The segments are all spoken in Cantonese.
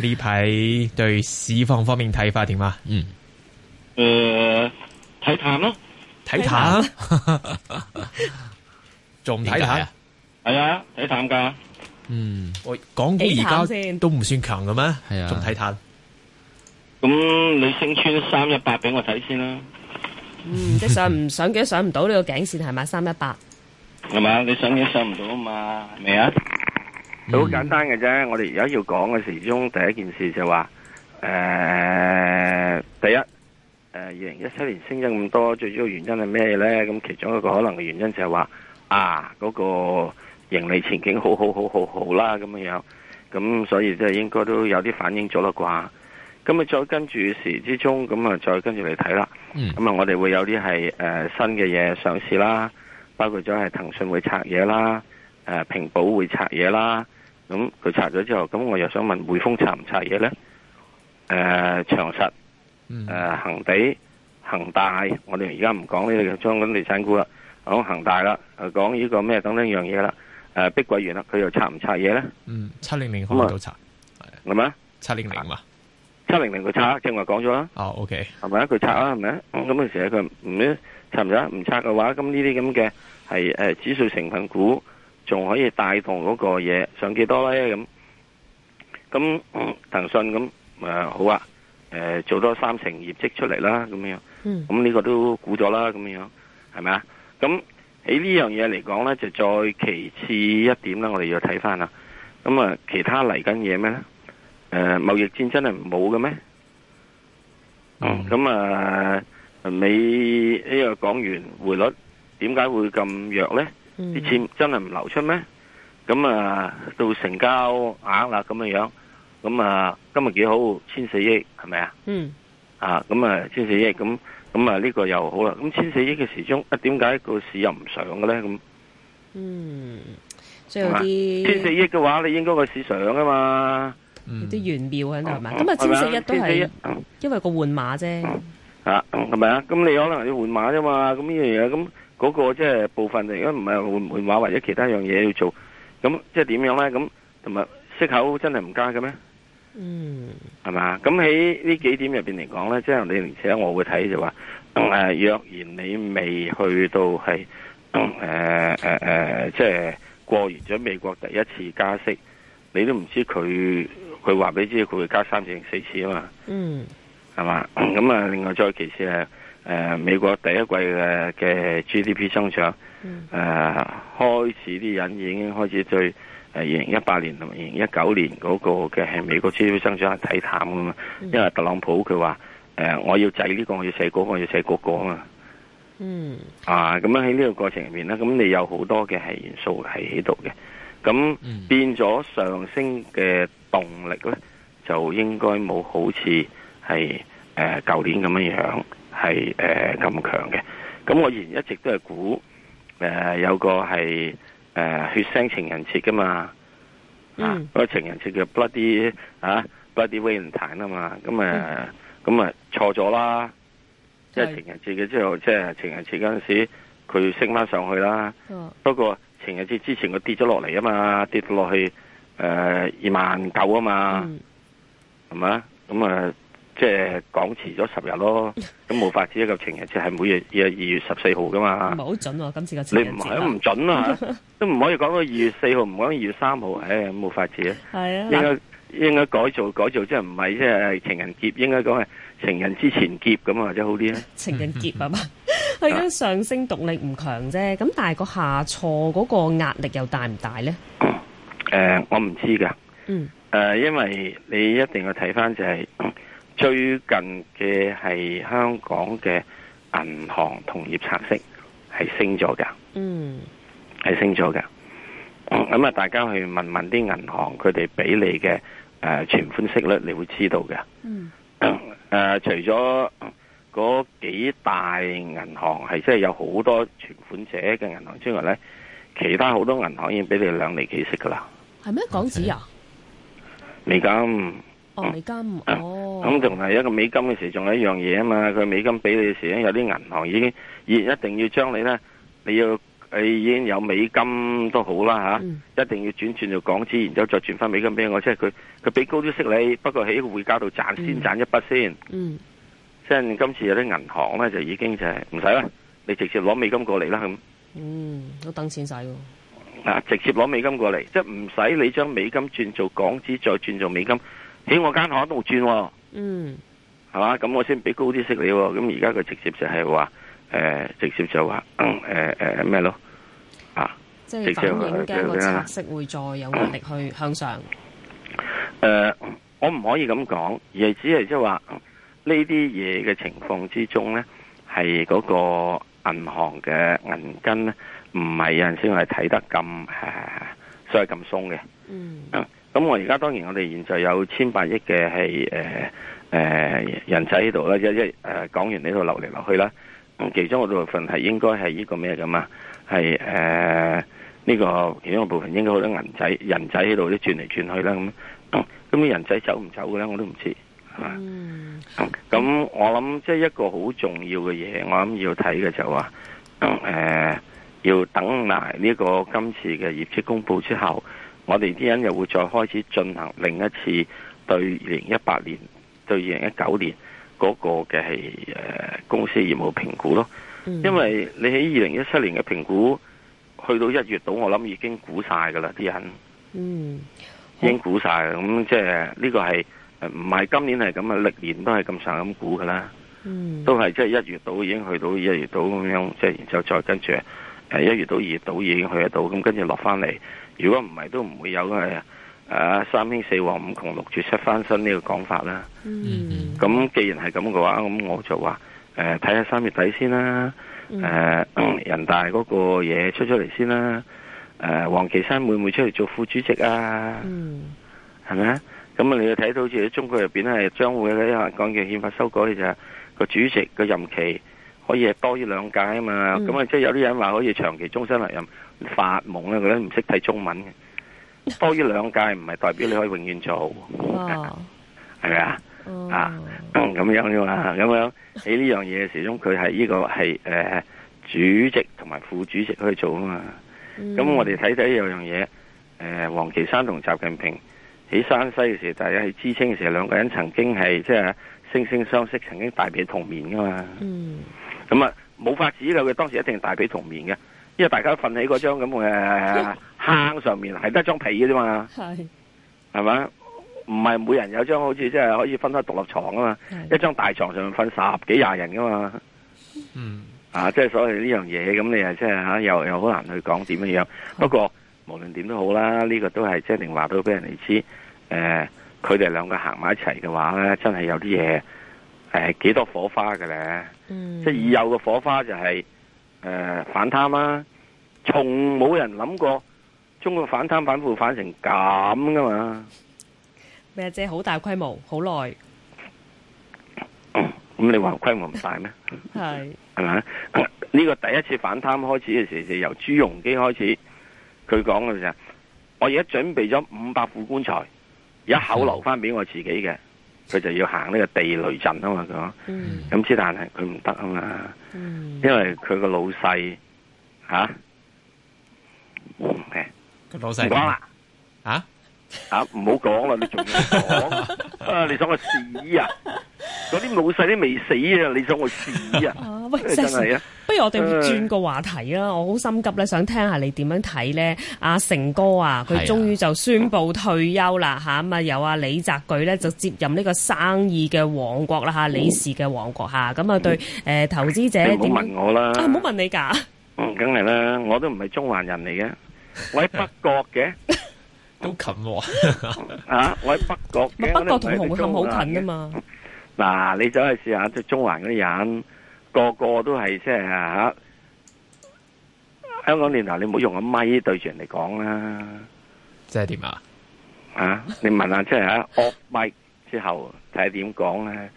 呢排對市況方面睇法點啊？嗯，誒，睇淡咯，睇淡，做唔睇淡啊？係啊，睇淡㗎。嗯，我港股而家都唔算強㗎咩？係啊，仲睇淡。咁你升穿三一八俾我睇先啦。嗯，即上唔上嘅上唔到呢個頸線係嘛？三一八係嘛？你上嘅上唔到啊嘛？係咪啊？好、嗯、簡單嘅啫，我哋而家要講嘅時之中第一件事就話，誒、呃，第一，誒、呃，二零一七年升咗咁多，最主要原因係咩咧？咁其中一個可能嘅原因就係話，啊，嗰、那個盈利前景好好好好好啦，咁樣樣，咁所以即係應該都有啲反應咗啦啩，咁啊再跟住時之中，咁啊再跟住嚟睇啦，咁、嗯、啊我哋會有啲係誒新嘅嘢上市啦，包括咗係騰訊會拆嘢啦，誒、呃，平保會拆嘢啦。咁佢拆咗之後，咁我又想問匯豐拆唔拆嘢咧？誒，長、呃、實，誒、呃，恒地、恒大，我哋而家唔講呢啲相關地產股啦。講、嗯、恒大啦，誒、啊，講呢個咩等等樣嘢啦。誒、呃，碧桂園啦，佢又拆唔拆嘢咧？嗯，七零零，咁啊都拆，係咪啊？七零零嘛，七零零佢拆，正話講咗啦。哦，OK，係咪啊？佢拆啦，係咪啊？咁陣、嗯嗯、時佢唔咧拆唔拆？唔拆嘅話，咁呢啲咁嘅係誒指數成分股。仲可以帶動嗰個嘢，上幾多咧咁。咁騰訊咁誒好啊，誒、呃、做多三成業績出嚟啦，咁樣。嗯。咁呢個都估咗啦，咁樣係咪啊？咁喺呢樣嘢嚟講咧，就再其次一點啦。我哋要睇翻啦。咁啊，其他嚟緊嘢咩咧？誒、呃，貿易戰真係冇嘅咩？咁、嗯、啊，美、呃、講完呢個港元匯率點解會咁弱咧？啲、嗯、錢真係唔流出咩？咁啊到成交額啦咁樣樣，咁啊今日幾好，千四億係咪啊？嗯。啊，咁啊千四億，咁咁啊呢個又好啦。咁千四億嘅時鐘，啊點解個市又唔上嘅咧？咁。嗯。所以啲。千四億嘅話，你應該個市上啊嘛。啲、嗯、原、嗯、妙喺度係咪？咁、嗯、啊千四億都係、嗯，因為個換碼啫。啊，係咪啊？咁你可能要換碼啫嘛，咁呢樣嘢咁。嗰、那個即係部分如果唔係換換畫或者其他樣嘢要做，咁即係點樣咧？咁同埋息口真係唔加嘅咩？嗯，係嘛？咁喺呢幾點入邊嚟講咧，即、就、係、是、你而且我會睇就話誒、嗯，若然你未去到係誒誒誒，即係、呃呃呃就是、過完咗美國第一次加息，你都唔知佢佢話俾你知佢會加三次定四次啊嘛？嗯，係嘛？咁啊，另外再其次係。誒、呃，美國第一季嘅嘅 GDP 增長，誒、嗯呃、開始啲人已經開始對誒二零一八年同埋二零一九年嗰個嘅係美國 GDP 增長係睇淡噶嘛、嗯，因為特朗普佢話誒我要制呢、呢個我要寫嗰、嗰個我要寫嗰、嗰個啊嘛，嗯啊咁樣喺呢個過程入面咧，咁你有好多嘅係元素係喺度嘅，咁變咗上升嘅動力咧就應該冇好似係誒舊年咁樣樣。係誒咁強嘅，咁、呃、我以前一直都係估誒有個係誒、呃、血腥情人節噶嘛，嗯、啊、嗰個情人節叫 Bloody 啊 Bloody Valentine 啊嘛，咁誒咁啊錯咗、嗯、啦，即、就、係、是、情人節嘅之後，即係、就是、情人節嗰陣時佢升翻上去啦、哦，不過情人節之前佢跌咗落嚟啊嘛，跌落去誒二萬九啊嘛，係咪咁啊？即係講遲咗十日咯，咁冇法子。一個情人節係每月二月十四號噶嘛，唔係好準喎、啊。今次個情人節你唔係唔準啊， 都唔可以講到二月四號，唔講二月三號。唉、哎，冇法子啊。係啊，應該、啊、應該改造改造，即係唔係即係情人節，應該講係情人之前結咁啊，或者好啲咧。情人節啊嘛，係咁 上升動力唔強啫。咁但係個下挫嗰個壓力又大唔大咧？誒、呃，我唔知㗎。嗯。誒、呃，因為你一定要睇翻就係、是。最近嘅，係香港嘅銀行同業拆息係升咗嘅，嗯，係升咗嘅。咁、嗯、啊、嗯，大家去問問啲銀行他的，佢哋俾你嘅，誒存款息率，你會知道嘅。嗯。誒、嗯呃，除咗嗰、嗯、幾大銀行係即係有好多存款者嘅銀行之外咧，其他好多銀行已經俾你兩厘幾息噶啦。係咩？港紙啊？美金。哦，美金、嗯、哦。咁仲係一個美金嘅時，仲有一樣嘢啊嘛！佢美金俾你嘅時咧，有啲銀行已經已一定要將你咧，你要誒、哎、已經有美金都好啦吓、啊嗯，一定要轉轉做港紙，然之後再轉翻美金俾我，即係佢佢俾高啲息你，不過喺匯交度賺先賺一筆先。嗯，即係今次有啲銀行咧就已經就係唔使啦，你直接攞美金過嚟啦咁。嗯，都等錢使喎。啊，直接攞美金過嚟，即係唔使你將美金轉做港紙，再轉做美金，喺我間行度轉轉、啊。嗯，係嘛？咁我先俾高啲息你、哦。咁而家佢直接就係話，誒、呃，直接就話，誒誒咩咯？啊，即係反映嘅個息息會再有壓力去向上。誒、嗯呃，我唔可以咁講，而係只係即係話呢啲嘢嘅情況之中咧，係嗰個銀行嘅銀根咧，唔係有陣先係睇得咁誒、呃，所以咁鬆嘅。嗯。咁我而家當然我哋現在有千百億嘅係誒人仔喺度啦，一一誒講完呢度流嚟流去啦。咁其中嗰部分係應該係呢個咩咁啊，係誒呢個其中一部分應該好多人仔人仔喺度啲轉嚟轉去啦。咁咁啲人仔走唔走嘅咧，我都唔知、啊。嗯咁、嗯、我諗即係一個好重要嘅嘢，我諗要睇嘅就話誒要等埋呢個今次嘅業績公佈之後。我哋啲人又會再開始進行另一次對二零一八年，對二零一九年嗰個嘅係誒公司業務評估咯，嗯、因為你喺二零一七年嘅評估去到一月度，我諗已經估晒噶啦，啲人嗯已經估晒，咁、嗯、即係呢、呢個係誒唔係今年係咁啊，歷年都係咁上咁估噶啦，嗯，都係即係一月度已經去到一月度咁樣，即係然之後再跟住誒一月度二月度已經去得到，咁跟住落翻嚟，如果唔係都唔會有嘅，誒、啊、三興四旺五窮六絕七翻身呢個講法啦。咁、嗯、既然係咁嘅話，咁我就話誒睇下三月底先啦、啊。誒、嗯呃嗯、人大嗰個嘢出咗嚟先啦、啊。誒、呃、王岐山會唔會出嚟做副主席啊？係、嗯、咪？咁你睇到好似喺中國入邊咧，係將會咧講嘅憲法修改就係、是、個主席個任期。可以多於兩屆啊嘛，咁啊即係有啲人話可以長期終身留任，發夢啦！佢都唔識睇中文嘅，多於兩屆唔係代表你可以永遠做，係、哦、咪、 嗯、啊？啊咁樣嘅嘛？咁、嗯、樣喺呢樣嘢嘅始終佢係呢個係誒、呃、主席同埋副主席去做啊嘛。咁、嗯、我哋睇睇有樣嘢，誒、呃、王岐山同習近平喺山西嘅時候，大家係知青嘅時候，兩個人曾經係即係惺惺相惜，曾經大被同眠噶嘛。嗯咁、嗯、啊，冇法子噶，佢當時一定大被同眠嘅，因為大家瞓喺嗰張咁嘅 坑上面，係得張被嘅啫嘛，係， 係嘛？唔係每人有張好似即係可以分開獨立床啊嘛， 一張大床上瞓十幾廿人噶嘛，嗯，啊，即係所謂呢樣嘢，咁你係即係嚇，又又好難去講點樣樣。不過 無論點都好啦，呢、呢個都係即係話到俾人哋知，誒、呃，佢哋兩個行埋一齊嘅話咧，真係有啲嘢。誒、呃，幾多火花嘅咧、嗯？即係已有嘅火花就係、是、誒、呃、反貪啦、啊，從冇人諗過中國反貪反腐反成咁噶嘛，咩姐好大規模，好耐。咁、嗯嗯、你話規模唔大咩？係，係咪？呢、嗯，這個第一次反貪開始嘅時候，就由朱鎔基開始，佢講嘅就，我而家準備咗五百副棺材，一口留翻俾我自己嘅。嗯佢就要行呢個地雷陣啊嘛，佢咁之但係佢唔得啊嘛，嗯，因為佢個老細吓，佢老細唔講啦，吓？啊唔好講啦，你仲講 啊？你想我死啊？嗰啲老細都未死啊？你想我死啊？真 係啊！ 我哋轉個話題啦，我好心急咧，想聽下你點樣睇咧。阿成哥啊，佢終於就宣布退休啦，吓咁啊，由阿李澤钜咧就接任呢個生意嘅王國啦，吓李氏嘅王國吓。咁啊，對誒投資者，唔好問我啦，唔好問你噶，嗯，梗係啦，我都唔係中環人嚟嘅，我喺北角嘅，都近喎，啊，我喺北角北角同紅磡好近㗎嘛，嗱、啊，你走去試下即係中環嗰啲人。個個都係即係吓，香港電台你唔好用個咪對住人嚟講啦，即係點啊？啊，你問下即係吓 off 咪之後睇下點講咧，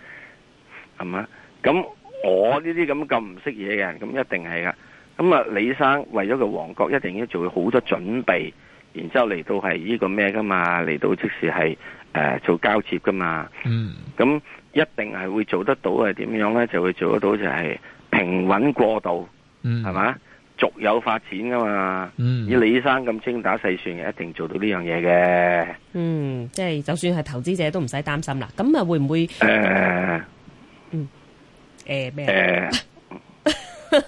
係嘛？咁我呢啲咁咁唔識嘢嘅人，咁一定係噶。咁啊，李生為咗個王國，一定要做好多準備，然之後嚟到係呢個咩噶嘛？嚟到即使係誒做交接噶嘛？嗯，咁。一定係會做得到，係點樣咧？就會做得到，就係平穩過渡，嗯，係嘛？逐有發展噶嘛？嗯，以李生咁精打細算，一定做到呢樣嘢嘅。嗯，即係就算係投資者都唔使擔心啦。咁啊，會唔會？誒，嗯，誒咩？誒，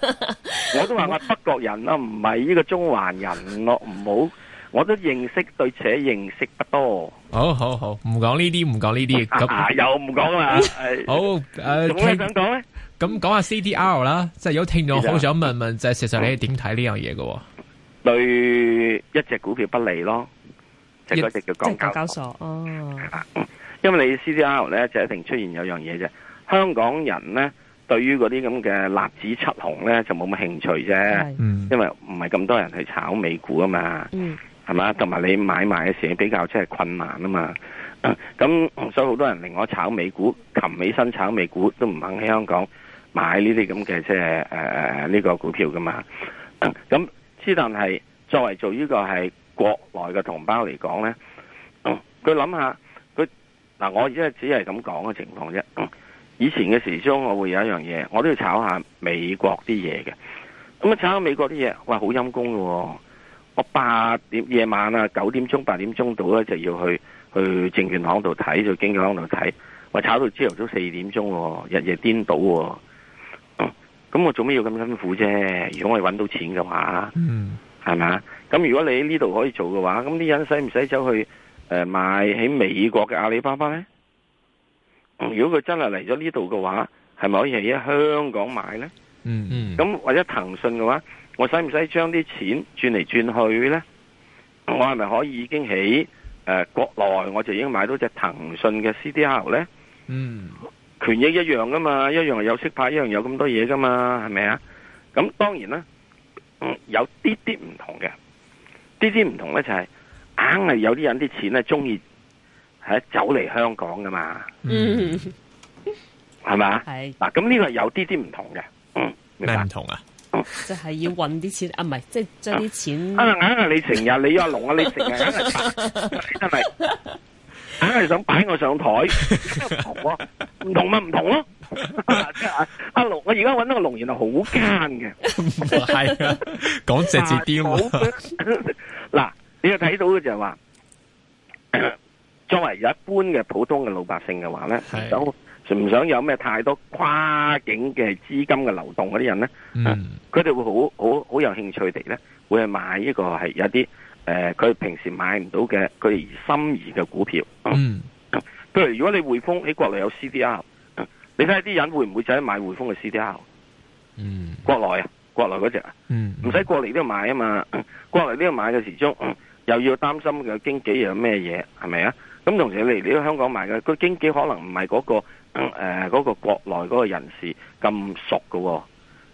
我都話我德國人咯，唔係呢個中環人咯，唔好。我都認識，對且認識不多。好好好，唔講呢啲，唔講呢啲。咁又唔講啦。好，誒，仲有咩想講咧？咁講下 C D R 啦，即係有聽眾好想問問，就係事實你點睇呢樣嘢嘅？對一隻股票不利咯，即係嗰隻叫港交所哦。係啦，因為你 C D R 咧就一定出現有樣嘢啫，香港人咧對於嗰啲咁嘅辣子七紅咧就冇乜興趣啫。嗯，因為唔係咁多人去炒美股啊嘛。嗯。係嘛？同埋你買賣嘅時候比較即係、就是、困難啊嘛。咁、嗯、所以好多人令我炒美股，擒起身炒美股都唔肯喺香港買呢啲咁嘅即係誒誒呢個股票噶嘛。咁、嗯、之但係作為做呢個係國內嘅同胞嚟講咧，佢諗下佢嗱，我而家只係咁講嘅情況啫。以前嘅時鐘我會有一樣嘢，我都要炒下美國啲嘢嘅。咁、嗯、啊炒下美國啲嘢，哇好陰功噶喎！我八點夜晚啊，九點鐘、八點鐘到咧就要去去證券行度睇，做經紀行度睇，我炒到朝頭早四點鐘，日夜顛倒。咁、嗯、我做咩要咁辛苦啫、啊？如果我係搵到錢嘅話，係咪啊？咁如果你呢度可以做嘅話，咁啲人使唔使走去誒買喺美國嘅阿里巴巴咧？如果佢真係嚟咗呢度嘅話，係咪可以喺香港買咧？嗯嗯。咁或者騰訊嘅話？我使唔使將啲錢轉嚟轉去咧？我係咪可以已經喺誒、呃、國內，我就已經買到隻騰訊嘅 CDR 咧？嗯，權益一樣噶嘛，一樣有息派，一樣有咁多嘢噶嘛，係咪、嗯就是、啊？咁當然啦，有啲啲唔同嘅，啲啲唔同咧就係硬係有啲人啲錢咧中意走嚟香港噶嘛，嗯，係嘛？係嗱，咁、啊、呢個係有啲啲唔同嘅，嗯，咩唔同啊？就係、是、要搵啲錢啊，唔係即係將啲錢。啊！你成日你阿龍啊，你成日喺度查，你硬係，想擺我上台。唔、啊啊、同咪唔同咯、啊。阿、啊、龍、啊啊啊啊啊啊，我而家搵到個龍，原來、啊、啊啊好奸嘅。係講直字啲喎。嗱，你又睇到嘅就係話，作為一般嘅普通嘅老百姓嘅話咧，唔想有咩太多跨境嘅資金嘅流動嗰啲人咧，佢、嗯、哋會好好好有興趣地咧，會去買一個係有啲誒，佢、呃、平時買唔到嘅佢心儀嘅股票，嗯，譬如如果你匯豐你國內有 C D R、嗯、你睇下啲人會唔會就喺買匯豐嘅 C D R？嗯，國內啊，國內嗰隻啊，嗯，唔使過嚟呢度買啊嘛，過嚟呢度買嘅時鐘、嗯、又要擔心佢經紀有咩嘢，係咪啊？咁同時嚟，你喺香港買嘅佢經紀可能唔係嗰個誒嗰、嗯呃那個國內嗰個人士咁熟㗎喎、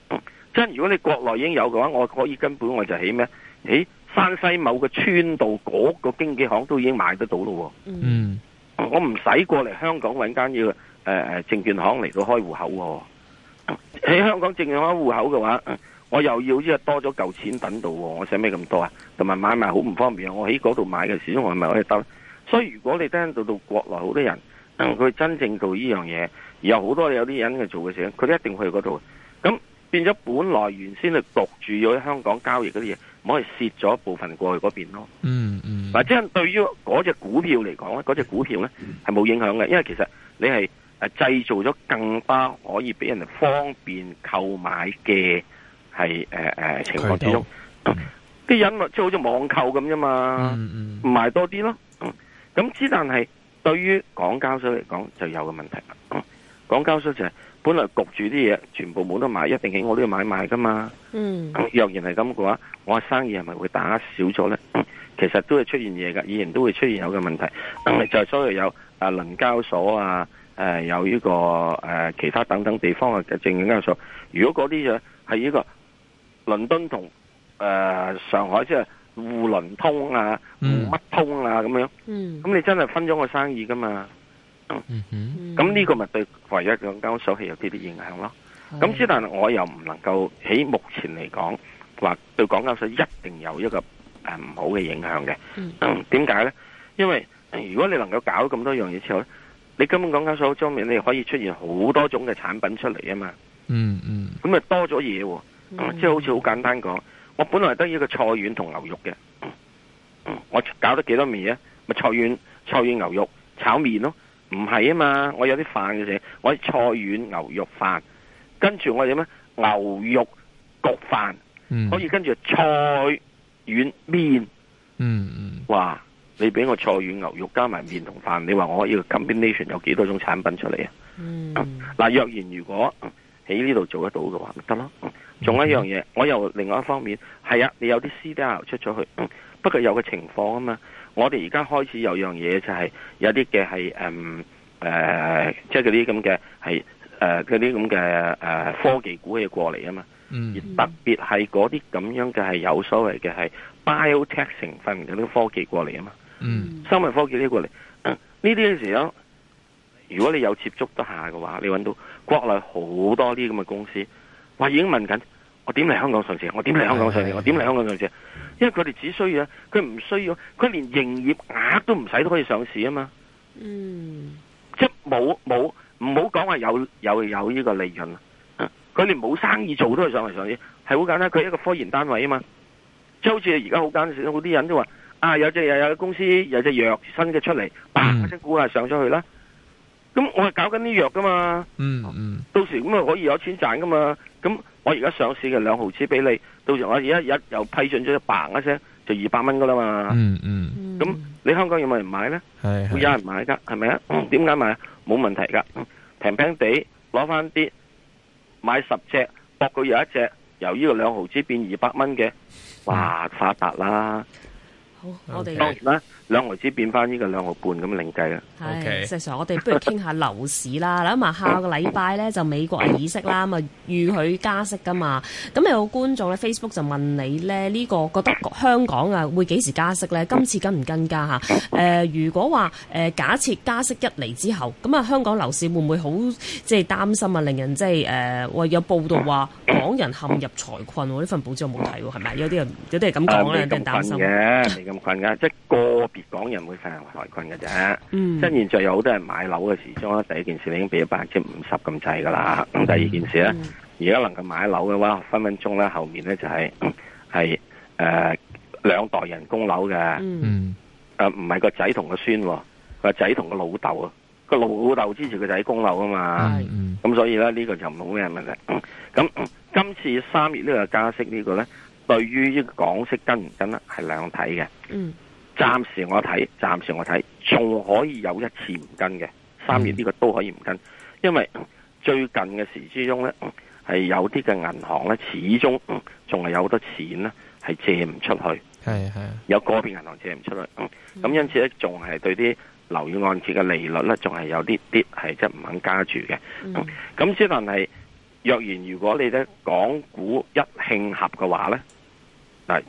哦。即係如果你國內已經有嘅話，我可以根本我就喺咩？喺、欸、山西某個村度嗰個經紀行都已經買得到咯、哦。嗯，我唔使過嚟香港揾間要誒誒證券行嚟到開戶口喎、哦。喺香港證券開戶口嘅話、嗯，我又要即係多咗嚿錢等到喎、哦。我使咩咁多啊？同埋買賣好唔方便啊！我喺嗰度買嘅時我係咪可以得。所以如果你聽到到國內好多人佢、嗯、真正做呢樣嘢，而有好多有啲人去做嘅時候，佢一定去嗰度。咁變咗本來原先係焗住咗香港交易嗰啲嘢，唔可以蝕咗一部分過去嗰邊咯。嗯嗯。嗱，即係對於嗰隻股票嚟講咧，嗰、那、隻、個、股票咧係冇影響嘅，因為其實你係誒製造咗更加可以俾人哋方便購買嘅係誒誒情況之中。啲、嗯、人即係好似網購咁啫嘛，唔、嗯、買、嗯、多啲咯。咁之，但係對於港交所嚟講就有個問題啦、嗯。港交所就係本來焗住啲嘢，全部冇得賣，一定係我都要買賣噶嘛。嗯，若然係咁嘅話，我嘅生意係咪會打少咗咧？其實都會出現嘢噶，以前都會出現有嘅問題。嗯、就是、所謂有啊，倫交所啊，誒、啊，有呢、這個誒、啊、其他等等地方嘅證券交所。如果嗰啲嘢係呢個倫敦同誒、啊、上海即係。就是滬倫通啊，互乜通啊，咁樣，咁、嗯、你真係分咗個生意噶嘛？咁、嗯、呢、嗯、個咪對唯一嘅港交所係有啲啲影響咯。咁、嗯、之但係我又唔能夠喺目前嚟講，話對港交所一定有一個誒唔、啊、好嘅影響嘅。點解咧？因為如果你能夠搞咁多樣嘢之後咧，你根本港交所方面，你可以出現好多種嘅產品出嚟啊嘛。嗯嗯，咁咪多咗嘢、嗯嗯，即係好似好簡單講。我本來得一個菜丸同牛肉嘅，我搞得幾多味啊？咪菜丸、菜丸牛肉炒麵咯，唔係啊嘛？我有啲飯嘅嘢，我菜丸牛肉飯，跟住我點咧？牛肉焗飯，可以跟住菜丸麵，嗯哇！你俾我菜丸牛肉加埋麵同飯，你話我呢個 combination 有幾多種產品出嚟啊？嗱、嗯啊，若然如果喺呢度做得到嘅話，咪得咯。仲、嗯、有一樣嘢，我又另外一方面，係啊，你有啲 CDR 出咗去。不過有個情況啊嘛，我哋而家開始有一樣嘢就係、是，有啲嘅係誒誒，即係嗰啲咁嘅係誒啲咁嘅誒科技股嘢過嚟啊嘛。嗯。而特別係嗰啲咁樣嘅係有所謂嘅係 biotech 成分嘅啲科技過嚟啊嘛。嗯。生物科技呢過嚟，呢啲嘅時候，如果你有接觸得下嘅話，你搵到國內好多啲咁嘅公司。我已經問緊，我點嚟香港上市？我點嚟香港上市？我點嚟香港上市？因為佢哋只需要，佢唔需要，佢連營業額都唔使都可以上市啊嘛。嗯，即冇冇，唔好講話有有有呢個利潤啊。佢連冇生意做都可以上嚟上市，係好簡單。佢係一個科研單位啊嘛，即係好似而家好簡單，好啲人都話啊，有隻又有公司有隻藥新嘅出嚟，嗰隻、嗯那個、股上咗去啦。咁我係搞緊啲藥噶嘛，嗯，嗯到時咁啊可以有錢賺噶嘛。咁我而家上市嘅兩毫紙俾你，到時我而家一又批准咗嘭一聲就二百蚊噶啦嘛。嗯嗯。咁你香港有冇人買咧？係會有人買噶，係咪啊？點、嗯、解買啊？冇問題噶，平、嗯、平地攞翻啲買十隻，博佢有一隻由呢個兩毫紙變二百蚊嘅，哇發達啦！好，我哋、okay. 兩毫紙變翻呢個兩毫半咁另計啦。係、okay. 哎，事實上我哋不如傾下樓市啦。嗱，咁啊，下個禮拜咧就美國嘅議息啦，咁啊預佢加息噶嘛。咁有觀眾咧 Facebook 就問你咧呢、呢個覺得香港啊會幾時加息咧？今次跟唔跟加、呃、如果話、呃、假設加息一嚟之後，咁啊香港樓市會唔會好即係擔心啊？令人即係誒、呃，有報道話港人陷入財困喎，呢 份報紙我冇睇喎，係咪？有啲人有啲係咁講呢，有啲人、呃、擔心嘅。呃 咁困噶，即係個別港人會成行話困嘅啫。即係現在有好多人買樓嘅時，中咧，第一件事已經俾咗百分之五十咁滯噶啦。咁第二件事咧，而、嗯、家能夠買樓嘅話，分分鐘咧後面咧就係係誒兩代人供樓嘅。嗯，誒唔係個仔同個孫，個仔同個老豆啊。個老豆支持個仔供樓啊嘛。咁、嗯、所以咧呢、這個就冇咩問題。咁今次三月呢個加息個呢個咧？對於呢個港息跟唔跟呢，係兩睇嘅。嗯。暫時我睇，暫時我睇，仲可以有一次唔跟嘅。三月呢個都可以唔跟，嗯，因為最近嘅時之中呢，係有啲嘅銀行呢，始終仲係有好多錢呢，係借唔出去。係係。有個別銀行借唔出去，咁、嗯嗯、因此呢，仲係對啲樓宇按揭嘅利率呢，仲係有啲啲係即係唔肯加住嘅。咁、嗯，咁、嗯、只但係，若然如果你呢港股一慶合嘅話呢。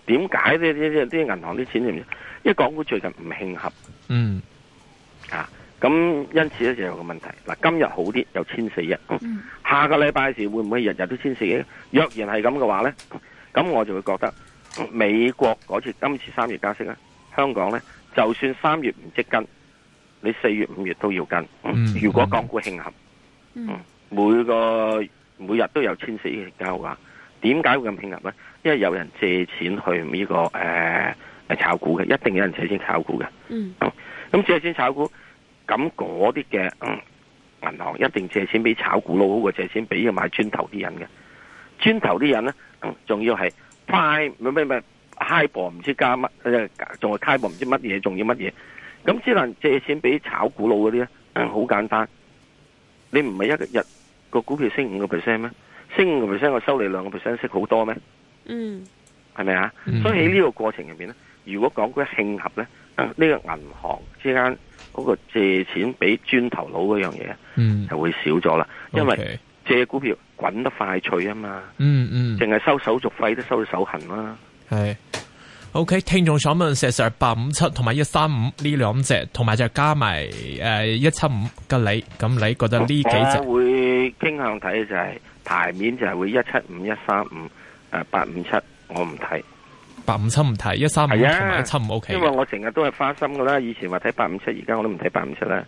點解呢啲啲啲銀行啲錢唔？因為港股最近唔興合，嗯，啊，咁因此咧就有個問題。嗱，今日好啲，有千四億，下個禮拜時會唔會日日都千四億？若然係咁嘅話咧，咁我就會覺得、嗯、美國嗰次今次三月加息咧，香港咧就算三月唔即跟，你四月五月都要跟。嗯嗯、如果港股興合、嗯嗯，每個每日都有千四億交嘅話。點解會咁拼合咧？因為有人借錢去呢、這個誒誒、呃、炒股嘅，一定有人借錢炒股嘅。嗯。咁、嗯、借錢炒股，咁嗰啲嘅銀行一定借錢俾炒股佬，好過借錢俾、嗯、要買磚頭啲人嘅。磚頭啲人咧，仲要係 high 唔係唔係唔 high 唔知加乜，仲係 high 唔知乜嘢，仲、嗯、要乜嘢？咁只能借錢俾炒股佬嗰啲啊，好、嗯嗯、簡單。你唔係一個日個股票升五個 percent 咩？升五個 percent，我收你兩個 percent 息，好多咩？嗯，係咪啊、嗯？所以喺呢個過程入邊咧，如果講嗰、嗯這個慶合咧，呢個銀行之間嗰、那個借錢俾磚頭佬嗰樣嘢、嗯，就會少咗啦。因為借股票滾得快脆啊嘛，嗯嗯，淨係收手續費都收到手痕啦。係、嗯嗯、OK，聽眾所問，事實係八五七同埋一三五呢兩隻，同埋就加埋誒一七五吉利，咁你覺得呢幾隻會傾向睇嘅就係、是？牌面就係會一七五一三五、誒八五七，135, 呃、857, 我唔睇八五七唔睇一三五一七唔。OK，因為我成日都係花心噶啦，以前話睇八五七，而家我都唔睇八五七啦。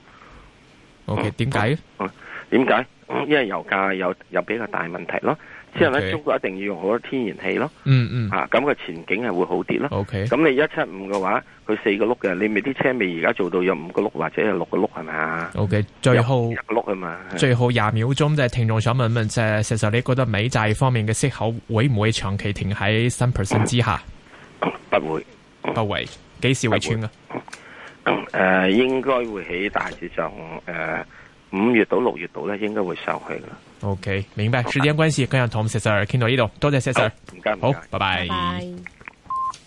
O K 點解？哦點解？因為油價又又比較大問題咯。之後咧，okay. 中國一定要用好多天然氣咯，嗯嗯，吓咁個前景係會好啲咯。咁、okay. 你一七五嘅話，佢四個碌嘅，你未啲車未而家做到有五個碌或者有六個碌係咪啊？O K，最後個碌啊嘛，最後廿秒鐘即係聽眾想問一問，即係事實你覺得美債方面嘅息口會唔會長期停喺三 percent 之下？不會，不會，幾時會穿啊？誒、呃，應該會喺大致上誒。呃五月到六月度咧，應該會上去㗎啦。O、okay, K，明白。時間關係，今日同謝 Sir 傾到呢度，多謝謝 Sir。唔該，好，拜拜。